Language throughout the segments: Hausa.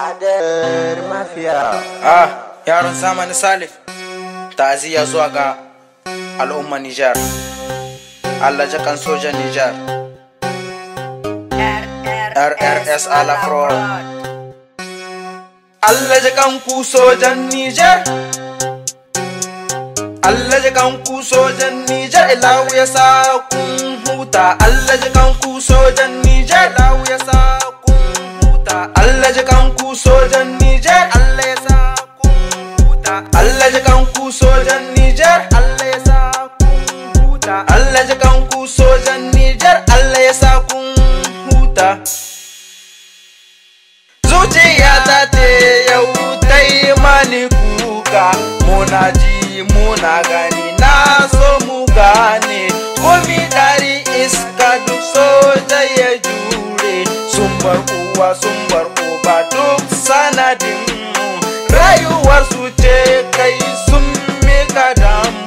adar mafiya ah yaron zamanin salif ta'aziyya zuwa ga al'umma nijar allah jakan sojan nijar rrs alafro allah jakan ku sojan nijar Allah jikan ku sojan Nijar ilawu ya sa kun huta Allah jikan ku sojan Nijar ilawu ya sa kun huta Allah ji kanku sojan Niger Allah ya sa ku huta Allah ji kanku sojan Niger Allah ya sa ku huta Allah ji kanku sojan Niger Allah ya sa ku huta Zuciya ta te yau tai mani kuka muna ji muna gani na so mu gane ba duk sanadin rayuwar su ce kai sun mika damu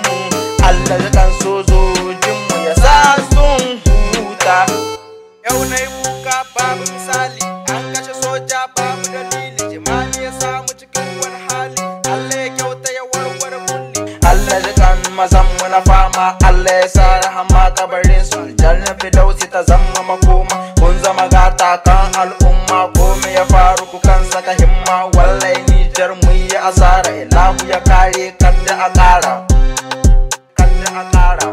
Allah ya kan sojojin mu ya sa sun huta yau na yi kuka babu misali an kashe soja babu dalili jimani ya samu cikin wani hali Allah ya kyauta ya warware kulli Allah ya kan mazan mu na fama Allah ya sa rahama kabar saka himma wallai nijar mun yi asara ina mu ya kare kan da a kan da akara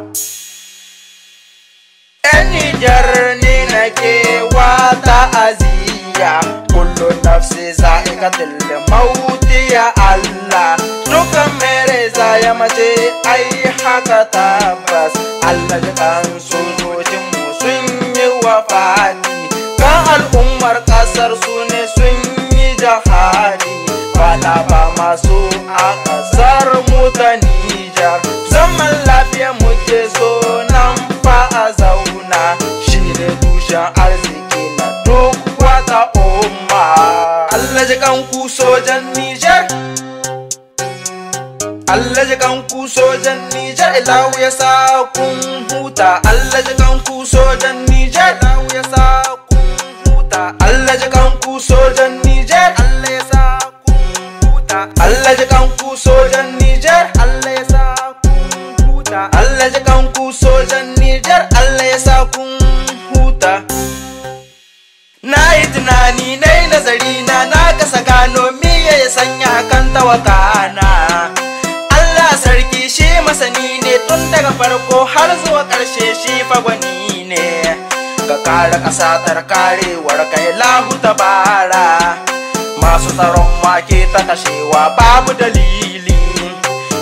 kara nijar ni nake ta aziya kullu nafsi za'iqatul maut ya allah dukan mere za ya mace ai haka tabbas allah kan sojojin mu sun yi wafati ga al'ummar kasar su da hali bala ba masu a ƙasar mu ta Nijar zaman lafiya muke so nan fa a zauna shi ne tushen arziki na duk wata umma Allah ji kanku sojan Nijar Allah ji kanku sojan Nijar ilawu ya sa kun huta Allah ji kanku sojan kanku sojan niger Allah ya sa kun huta Allah ji kanku sojan niger Allah ya sa kun huta Na yi tunani na yi nazari na na kasa gano miye ya sanya kan na Allah sarki shi masani ne tun daga farko har zuwa ƙarshe shi fagwani ne ka kare ƙasa tarkarewar kai lahu bara masu tsaron wake ta kashewa babu dalili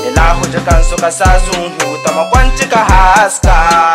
ilahu jikan suka sa sun huta makwanci ka haska